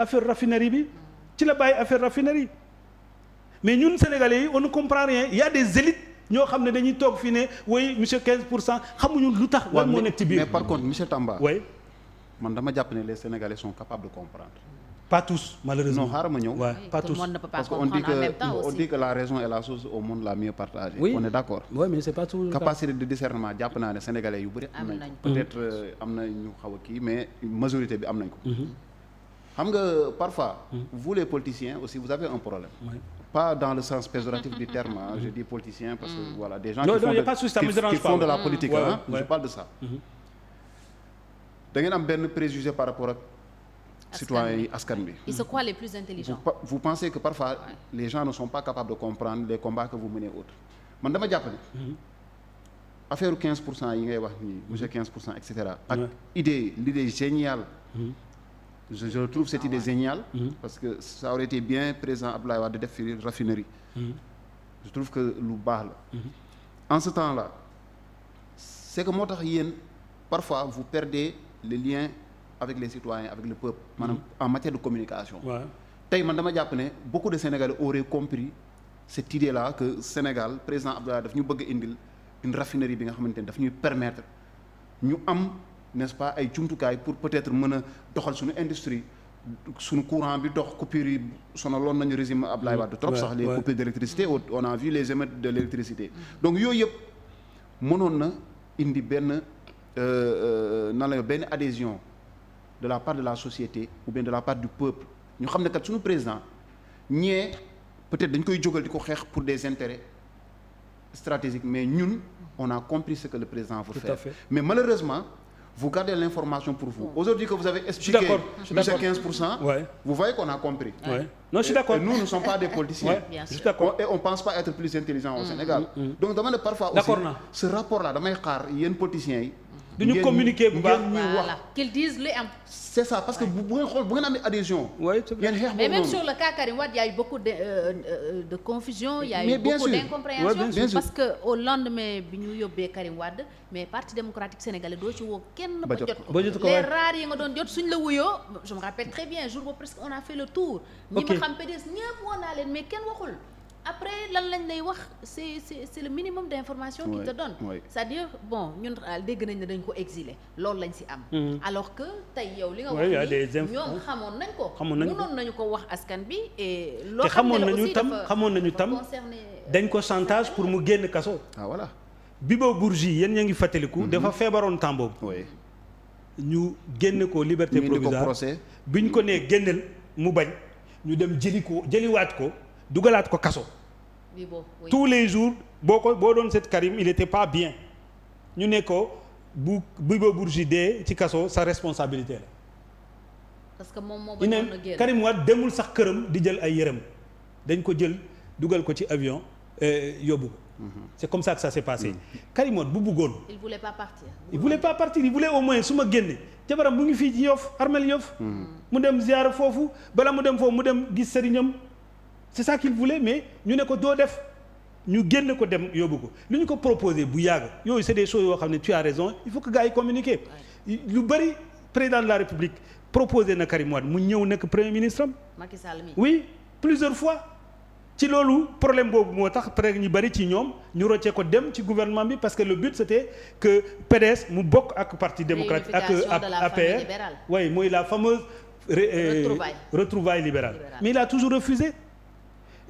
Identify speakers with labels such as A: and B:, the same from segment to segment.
A: affaire raffinerie bi ci la bàyyi affaire raffinerie mais ñun sénégalais yi on ne ya des élites ñoo xam ne dañuy toog fii ne oui monsieur 15 pour cent xamuñu lu tax. lan moo nekk ci biir mais par contre
B: monsieur Tamba. oui man dama jàpp ne les sénégalais sont capables de comprendre. pas tous malheureusement non xaaral ma ñëw. waaw pas tous parce que on on dit que la raison est la chose au monde la mieux partagée. oui on est d'accord. capacité de discernement jàpp naa ne sénégalais yu bëri. am nañ peut-être euh, am na ñu xaw a kii mais majorité bi am nañ ko. Mhm. am nga parfois. Hmm. vous les politiciens aussi vous avez un problème. pas dans le sens péjoratif du terme hein, je dis politicien parce que hmm. voilà des gens. a qui font de la politique ah. je parle de ça. Mhm. da ngeen am benn préjugé par rapport ak. citoyens yi askan bi.
C: les plus intelligents.
B: vous, vous pensez que parfois ouais. les gens ne sont pas capables de comprendre les combats que vous menez autres man dama jàpp ne. Mhm. affaire 15 pour cent yi ngay wax nii monsieur pour cent et cetera. ak idée l'idée géniale. Mhm. je je trouve cette ah idée géniale. Mm-hmm. parce que ça aurait été bien présent Abdoulaye Wade def fi raffinerie. Mm-hmm. je trouve que lu baax la. Mm-hmm. en ce temps la c' est que moo tax yéen parfois vous perdez le lien avec les citoyens avec le peuple. maanaam en matière de communication. tey man dama jàpp ne beaucoup de Sénégalais auraient compris cette idée la que Sénégal président Abdoulaye daf ñu bëgg indil une raffinerie bi nga xamante ne daf ñuy permettre ñu am. n'est-ce pas ay jumtukaay pour peut-être mën a doxal suñu industrie suñu courant bi dox coupure yi sonaloon nañu régime Abdoulaye Wade trop sax les coupures d'électricité on a vu les émeutes de l'électricité donc yooyu yëpp mënoon na indi benn euh, euh, nan la benn adhésion de la part de la société ou bien de la part du peuple ñu xam ne kat suñu président ñee peut-être dañ koy jógal di ko xeex pour des intérêts stratégiques mais ñun on a compris ce que le président veut faire mais malheureusement vous gardez l'information pour vous. Aujourd'hui que vous avez expliqué sur ces 15 ouais. vous voyez qu'on a compris. Ouais. Non, je suis d'accord. nous ne sommes pas des politiciens. Et on pense pas être plus intelligent au mm. Sénégal. Mm. Donc dama parfois aussi ce rapport là damay xaar yéen politiciens yi duñu communiquer bu baax ngeen ñuy wax
C: qu'ils disent li am.
B: c'est ça parce que bu ngeen amee adhésion. oui mais même sur
C: le cas Karim Wade y a eu beaucoup de euh, confusion. y a eu beaucoup d'incompréhension parce que au bi ñu yóbbee Karim Wade mais parti démocratique sénégalais doo ci woo kenn. ba jot ko ba yi nga doon jot suñ la wuyoo. je rappelle très bien jour boobu presque on a fait le tour. ñi ma xam PDS ñëpp woo naa leen mais kenn waxul. après lan lañ lay wax c'est c'est c'est le minimum d'information qu'ils te donnent c'est-à-dire bon ñun ah, dégg nañ ne dañ ko exiler loolu lañ si am mm-hmm. alors que tey yow li nga wax ni ñoom xamoon nañ ko xamoon nañ ko nañu ko wax askan bi e loo xamoon nañu tam xamoon nañu tam euh,
A: dañ ko chantage pour mu génn kaso bi ah, voilà Bibo Bourgi yéen ña ngi fàttaliku mm-hmm. dafa feebaroon temps boobu ñu génne ko liberté provisoire bi ñu ko nee génneel mu bañ ñu dem jëli ko jëliwaat ko dugalaat ko kaso. tous les jours boo ko boo doon set Karim il était pas bien ñu ne ko bu Bibo Bourgi dee ci kaso sa responsabilité la.
C: parce que moom moo bañoon na génn Karim
A: Wade demul sax këram di jël ay yërëm dañ ko jël dugal ko ci avion euh, yóbbu ko. Mhm. c' est comme ça que ça s' est Karim Wade bu bëggoon.
C: il voulait pas partir.
A: il voulait pas partir il voulait au moins su ma génne jabaram mu ngi fii ci Yoff armel Yoff mhm. mu dem ziar foofu balaa mu dem foofu mu dem gis sëriñam c'est ça qu'il voulait mais ñu ne ko doo def ñu génn ko dem yóbbu ko lu ñu ko proposé bu yàgg yooyu c'est des choses yoo xam ne tu as raison il faut que gars yi lu bëri président de la république proposé na Karim mu ñëw nekk premier ministre am. Macky Sall mi oui plusieurs fois. ci loolu problème boobu moo tax peut ñu bëri ci ñoom ñu rocce ko dem ci gouvernement bi parce que le but c'était que PDS mu bokk ak parti démocratique ak APR. oui mooy la fameuse. Euh, retrouvaille retrouvaille libérale mais il a toujours refusé.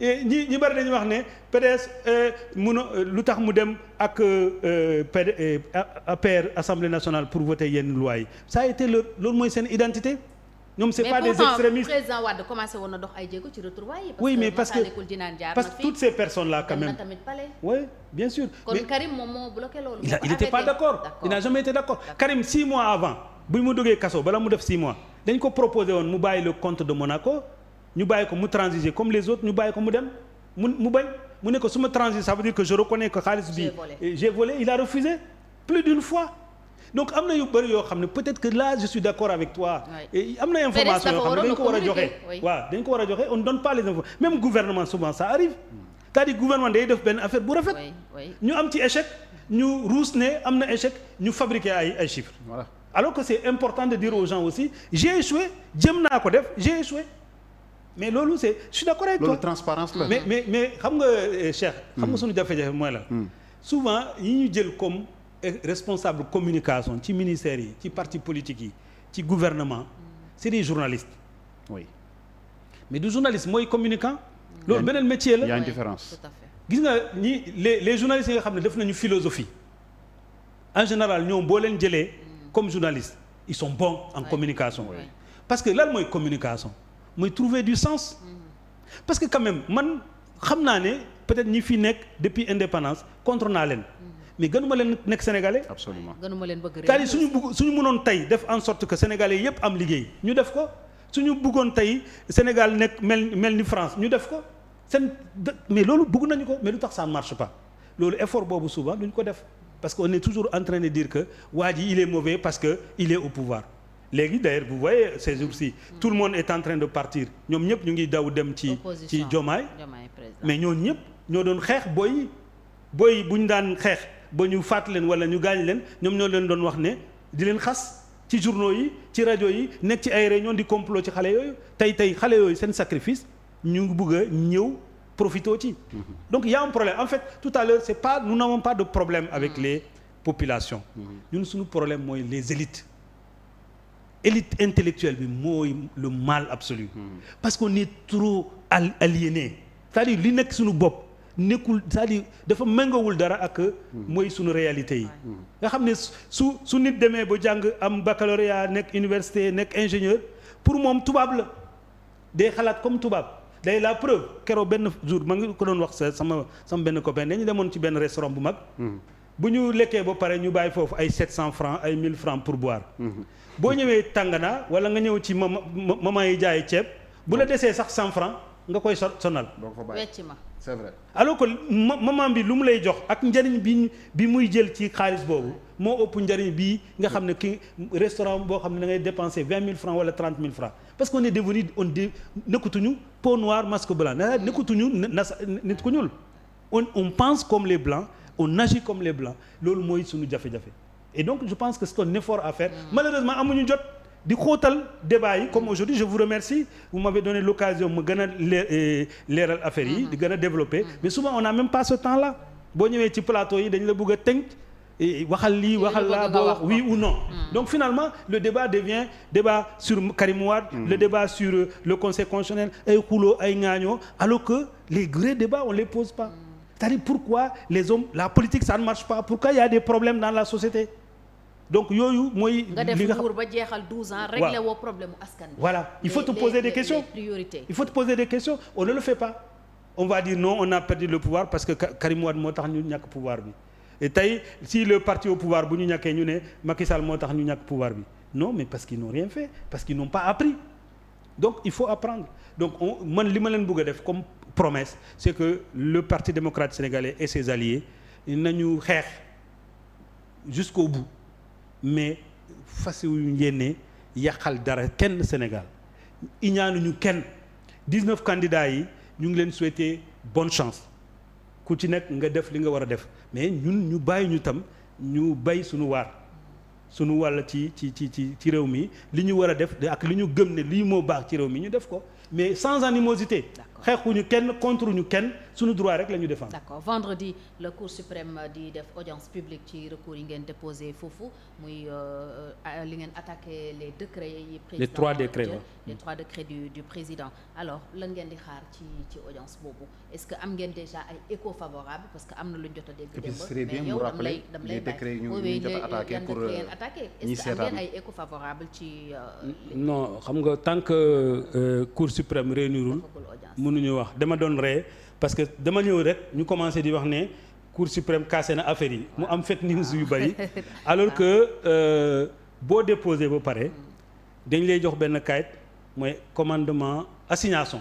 A: ñi ñi bari dañuy wax ne PDS euh, mun a euh, lu tax mu dem ak euh, PD assemblée nationale pour voter yenn loi yi ça a été leur loolu mooy seen identité. ñoom c'est pas des extrémistes
C: ci retrouvailles oui mais parce que parce que
A: toutes ces personnes là quand même oui bien sûr. kon
C: il était pas
A: d'accord il n'a d'accord Karim six mois avant bu mu duggee kaso bala mu def six mois dañ ko proposé woon mu bàyyi le compte de Monaco. ñu bàyyi ko mu transiger comme les autres ñu bàyyi ko mu dem mu mu bañ mu ne ko su ma transiger ça veut dire que je reconnais que xaalis bi j'ai volé il a refusé plus d'une fois donc am na yu bëri yoo xam ne peut-être que là je suis d'accord avec toi am na information yoo xam ne dañ ko war a joxe waaw dañ ko a joxe on ne donne pas les informations même gouvernement souvent ça arrive hmm. c'est-à-dire gouvernement day def benn affaire bu rafet ñu am ci échec ñu ruus ne am na échec ñu fabriquer ay ay chiffres alors que c'est important de dire aux aussi j'ai échoué jëm naa ko def j'ai échoué mais loolu c'est je suis d'accord avec toi transparence la mais mais mais xam nga eh, Cheikh. xam nga hmm. suñu jafe-jafe mooy la. Hmm. souvent yi ñu jël comme eh, responsable communication ci ministères yi ci parti politique yi ci gouvernement c'est des journalistes. oui mais du journaliste mooy communicant. Hmm. loolu beneen métier la gis nga ñi les les journalistes yi nga xam ne def nañu philosophie en général ñoom boo leen jëlee comme journaliste ils sont bon en communication. parce que lan mooy communication. mooy trouver du sens. parce que quand même man xam naa ne peut-être ñi fi nekk depuis indépendance contre naa leen. mais gënuma leen nekk sénégalais. absolument
C: gënuma leen bëgg réew suñu
A: bugg suñu mënoon tey def en sorte que sénégalais yépp am liggéey ñu def ko suñu bëggoon tey Sénégal nekk mel mel ni France ñu def ko seen mais loolu bëgg nañu ko mais lu tax ça ne marche pas loolu effort boobu souvent duñ ko def parce que on est toujours en train de dire que waa ji il est mauvais parce que il est au léegi d'ailleurs vous voyez ces jours-ci tout le monde est en train de partir ñoom ñëpp ñu ngi daw dem ci ci Jomaay mais ñooñu ñëpp ñoo doon xeex booy booy bu ñu daan xeex ba ñu faat leen wala ñu gaañ leen ñoom ñoo leen doon wax ne di leen xas ci journaux yi ci rajo yi nekk ci ay réunion di complot ci xale yooyu tey tey xale yooyu seen sacrifice ñu ngi bëgg a ñëw profité ci donc yaa a un problème en fait tout à l'heure c'est pas nous n'avons pas de problème avec mm. les mm. ñun suñu problème mooy les élites élite intellectuelle bi mooy le mal absolu hmm. parce que nit trop aliéné cest à li nekk suñu bopp nekkul cest dafa méngawul dara ak hmm. mooy suñu réalité yi hmm. nga xam ne su su nit demee ba jàng am baccalauréat nekk université nekk ingénieur pour moom tubaab la day xalaat comme tubaab day la preuve keroog benn jour ma ngi ko doon wax sa sama sama benn copain dañu demoon ci benn restaurant bu mag bu ñu lekkee ba pare ñu bàyyi foofu ay 700 francs ay mille francs pour boire. Mm-hmm. boo ñëwee tàngana wala nga ñëw ci mama maman yi jaay ceeb bu la mm-hmm. desee sax 100 francs nga koy sonal. doo ko bàyyi wecc ma c'est vrai. alors que maman bi lu mu lay jox ak njariñ bi bi muy jël ci xaalis boobu moo ëpp njariñ bii nga xam ne ki restaurant boo xam ne da ngay dépenser 20 000 francs wala 30 000 francs parce qu'on est devenu on di nekkutuñu peau noire masque blanc nekkutuñu nas nit ku ñuul on on pense comme les blancs. on agit comme les blancs loolu mooy suñu jafe-jafe et donc je pense que c'est un effort à faire mm. malheureusement amuñu jot di xóotal débat yi comme aujourd'hui je vous remercie vous m'avez donné l'occasion ma gën a euh, leeral affaires yi mm. di gën a développer mm. mais souvent on n'a même pas ce temps là boo ñëwee ci plateau yi dañ la bëgg a tënk eh, waxal lii waxal laa boo wax oui ou non donc finalement le débat devient débat sur Karim le débat sur euh, le conseil c'est-à-dire pourquoi les hommes la politique ça ne marche pas pourquoi il a des problèmes dans la société donc yooyu mooy. nga def nguur ba
C: jeexal 12 ans. régler woo problème askan bi. voilà il faut te poser des questions il
A: faut te poser des questions on ne le fait pas. on va dire non on a perdu le pouvoir parce que Karim Wade moo tax ñu ñàkk pouvoir bi et tey si le parti au pouvoir bu ñu ñàkkee ñu ne Macky Sall moo tax ñu ñàkk pouvoir bi non mais parce qu'ils n'ont rien fait parce qu'ils n'ont pas appris donc def comme. promesse c'est que le Parti démocrate sénégalais et ses alliés nañu xeex jusqu'au bout mais fasiwuñu yéene yàqal dara kenn Sénégal iñaanuñu kenn 19 candidats yi ñu ngi leen souhaiter bonne chance ku ci nekk nga def li nga war a def mais ñun ñu bàyyi ñu tam ñu bay suñu waar suñu wàll ci ci ci ci ci réew mi li ñu war a def ak li ñu gëm ne lii moo baax ci réew mi ñu def ko mais sans animosité. xeexuñu kenn contre ñu kenn suñu droit rek la ñu défendre. d'accord
C: vendredi la cour suprême di def audience publique ci recours yi ngeen déposé foofu muy euh, euh, li ngeen attaqué les décrets yi. les trois décrets la les trois décrets du président alors lan ngeen di xaar ci ci audience boobu est-ce que am ngeen déjà ay écho favorable parce que am na lu ñu jot a dégg. démb mais yow dam lay dam lay bàyyi oui oui les décrets euh, ngeen attaqué est-ce que am ngeen
A: xam nga tant que cour suprême réunirul mënuñu wax dama doon ree parce que dama ñëw rek ñu commencé di wax ne cour suprême cassé na affaire yi mu am fake news yu bari alors que euh, boo déposé ba pare dañ lay jox benn kayit mooy commandement assignation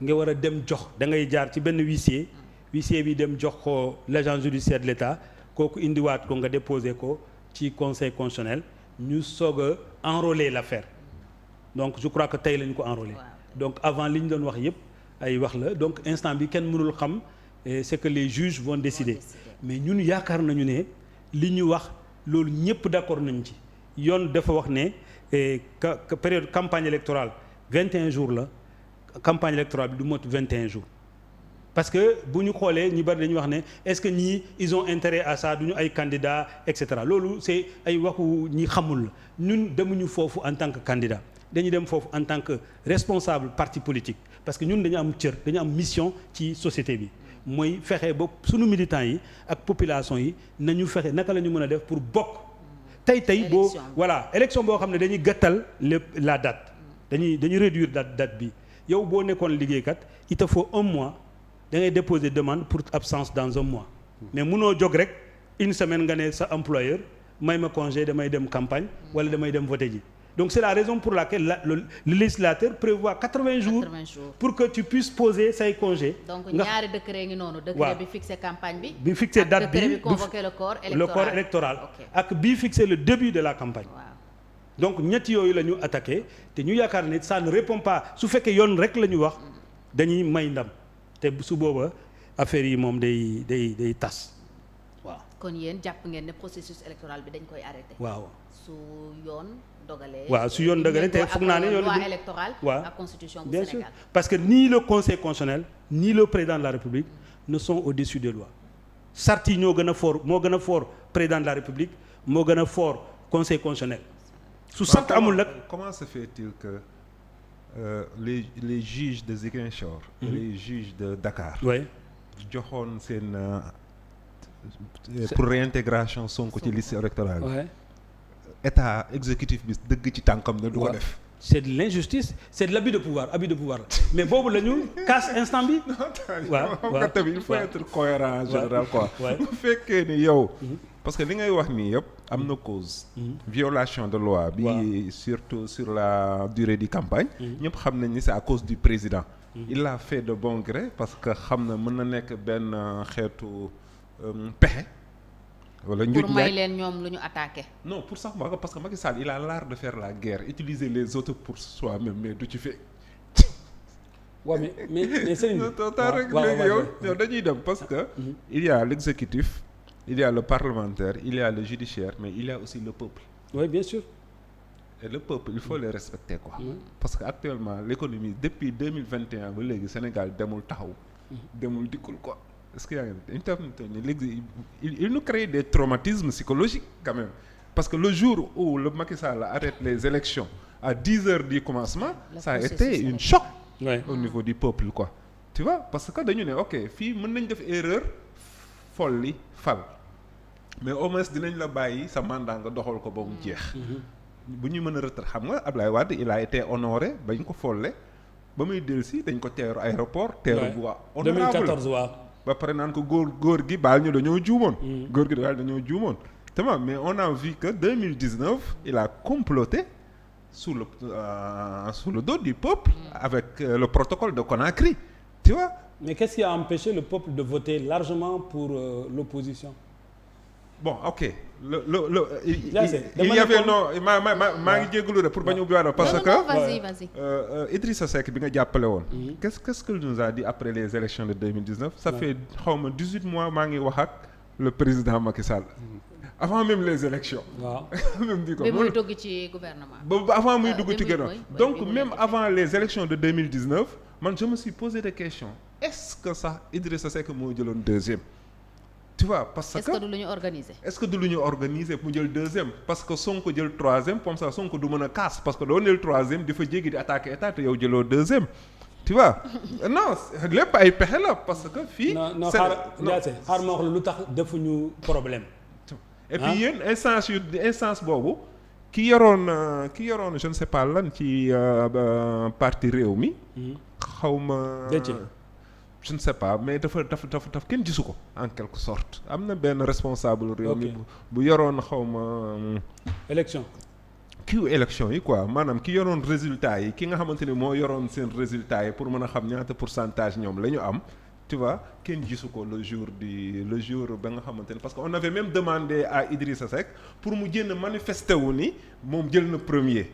A: nga war a dem jox da ngay jaar ci benn huissier huissier bi dem jox ko l' agent judiciaire de l' kooku indiwaat ko nga déposé ko ci conseil constitutionnel ñu soog a enrôler l' affaire donc je crois que tey lañu ko enrôler donc avant li ñu doon wax yëpp ay wax la donc instant bi kenn mënul xam eh, c'est que les juges vont décider mais ñun yaakaar nañu ne li ñu wax loolu ñëpp d'accord nañ ci yoon dafa wax ne eh, période campagne électorale 21 jours la campagne électorale bi du mot 21 jours parce que bu ñu xoolee ñi bari dañuy wax ne est-ce que ñii ils ont intérêt à ça du ñu ay candidats et cetera loolu c'est ay waxu ñi xamul la ñun demuñu foofu en tant que candidat dañuy dem foofu en tant que responsable parti politique parce que ñun dañu am cër dañu am mission ci société bi mooy fexe ba sunu militants yi ak population yi nañu fexe naka la ñu mën a def pour bokk tey tey boo voilà élection boo xam ne dañuy gattal lépp la date dañuy dañuy réduire date date bi yow boo nekkoon liggéeykat il te faut un mois da ngay déposer demande pour absence dans un mois mais munoo jog rek une semaine nga ne sa employeur may ma congé damay dem campagne wala damay dem voté ji donc c'est la raison pour laquelle la, le, le législateur prévoit 80 jours, 80 jours pour que tu puisses poser say congé donc ñaari
C: décret ngi noonu décret bi fixé campagne bi bi
A: fixé date bi bi convoqué
C: le corps électoral
A: le ak bi fixé le début de la campagne donc ñetti yooyu la ñu attaqué te ñu yaakaar ne sa ne répond pas su fekkee yoon rek la ñu wax dañuy may ndam te su booba affaire yi moom day day day tas
C: kon yéen jàpp ngeen ne processus électoral bi dañ koy arrêté. waaw su yoon dogalee. waaw su yoon dogalee te foog naa ne yoon loi électorale waaw ak constitution bu Sénégal bien sûr
A: parce que ni le conseil constitutionnel ni le président de la république ne sont au-dessus des lois sart yi ñoo gën a foor moo gën a fort président de la république moo gën a foor conseil constitutionnel. su sart amul nag
D: comment se fait-il que euh, les les juges de Ziguinchor. Mm -hmm. de Dakar. oui joxoon seen. Euh, Eh, pour réintégration Sonko ci liste électorale bi état exécutif bi dëgg ci tànkam na du ko def
A: c'est de l'injustice c'est de l'abus de pouvoir abus mais boobu la ñu casse instant bi waaw waaw tamit il faut être
D: cohérent fekkee ni yow mhm. parce que li ngay wax nii yëpp am na cause mhm. violation de loi bi surtout sur la durée di campagne mhm. ñëpp xam nañ ni c'est à cause du président il a fait de bon gré parce que xam na mën na nekk benn xeetu Euh, pexe. wala njuuj pour may
C: leen ñoom lu ñu attaqué.
D: non pour sax ma parce que Macky Sall il a l'art de faire la guerre utiliser les autres pour soi-même mais du ci fekk.
A: waaw mais mais mais sëñ bi léegi yow
D: yow dañuy dem parce que. Ah, mm-hmm. il y a l'exécutif il y a le parlementaire il y judiciaire mais il y aussi le peuple. oui bien le peuple il faut mm. les respecter quoi. Mm. parce que actuellement l'économie depuis deux mille vingt et ba léegi Sénégal demul taxaw. Mm-hmm. demul dikkul quoi. est que yaa ngi dañu tam ne léegi il nous parce que le jour où le Macky Sall arrête les élections à dix heures di commencement la a été une choc ouais. au niveau di peuple ko tu vois parce que dañu ne ok fii mën nañ def erreur folli fal mais au moins dinañ la bàyyi sa mandat nga doxal ko ba mu jeex mm-hmm. bu ñuy mën a retraite xam nga Ablaye Wade il a été honoré bañ ko folle ba muy dellusi dañ ko teeru aéroport teeru bu waa honorable ba pare naan ko góor góor gi baal ñu dañoo juumoon. Mm. góor gi baal dañoo juumoon. tamam mais on a vu que 2019 il a comploté sous le euh, sous le dos du peuple. Mm. avec euh, le protocole de Conakry tu vois. mais qu'est-ce qui a empêché le peuple de voter largement pour euh, l'opposition bon ok le le le. il y avait non maa maa ngi jégalu rek pour bañ a ubbiwaat parce que vas-y vas euh, euh, bi nga jàppale woon. Mhm. quest que qu'est-ce qu'il nous a dit après les élections de 2019. ça fait xaw ma 18 mois maa ngi wax ak le président Macky Sall. Mhm. avant même les élections. waaw même di ko. muy dugg
C: ci gouvernement. ba avant muy ah, dugg ci gouvernement donc même
D: avant les élections de 2019 man je me suis posé des questions est-ce sa sax Idrissa Seck moo jëloon deuxième. tu vois que est-ce
C: que du lu ñu organiser.
D: est-ce que du lu ñu organiser mu jël deuxième parce que Sonko jël troisième comme ça Sonko du mën a kaas parce que doo jël troisième di fa jéggi di attaquer état te yow jëloo deuxième tu non lépp ay pexe la parce que. fii non non xaar ma wax lu tax defuñu problème. et puis ah. yéen instance yu instance boobu ki yoroon ki yoroon je ne sais lan ci euh, parti réew mi. Mhm. xaw ma je ne sais pas mais dafa dafa dafa daf kenn gisu ko en quelque sort am na benn responsable réew mi bu yoroon xaw ma euh, élection kiiw élection yi quoi maanaam ki yoroon résultat yi ki nga xamante ni moo yoroon seen résultat yi pour mën a xam ñaata pour pourcentage ñoom la ñu am tu kenn gisu ko le jour du le jour ba nga xamante ni parce que on avait même demandé à Idrissa Seck pour mu génn manifester wu ni moom jël na premier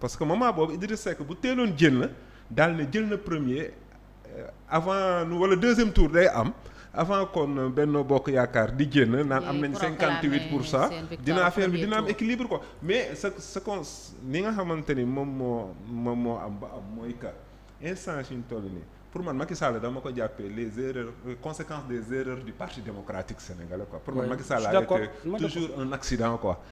D: parce que moment boobu Idrissa Seck bu teeloon génn daal ne jël na premier Euh, avant wala deuxième tour day am avant kon Benno Bokk Yaakaar di génn naan am nañ cinquante huit pour cent dina affaire bi dina am équilibre ko mais ce ce qu'on ni nga xamante ni moom moo moom moo am ba am mooy que instant suñ toll nii pour man Macky Sall dama ko jàppee les erreurs les euh, conséquences
A: des erreurs du parti démocratique sénégalais quoi pour man Macky Sall a été toujours un accident quoi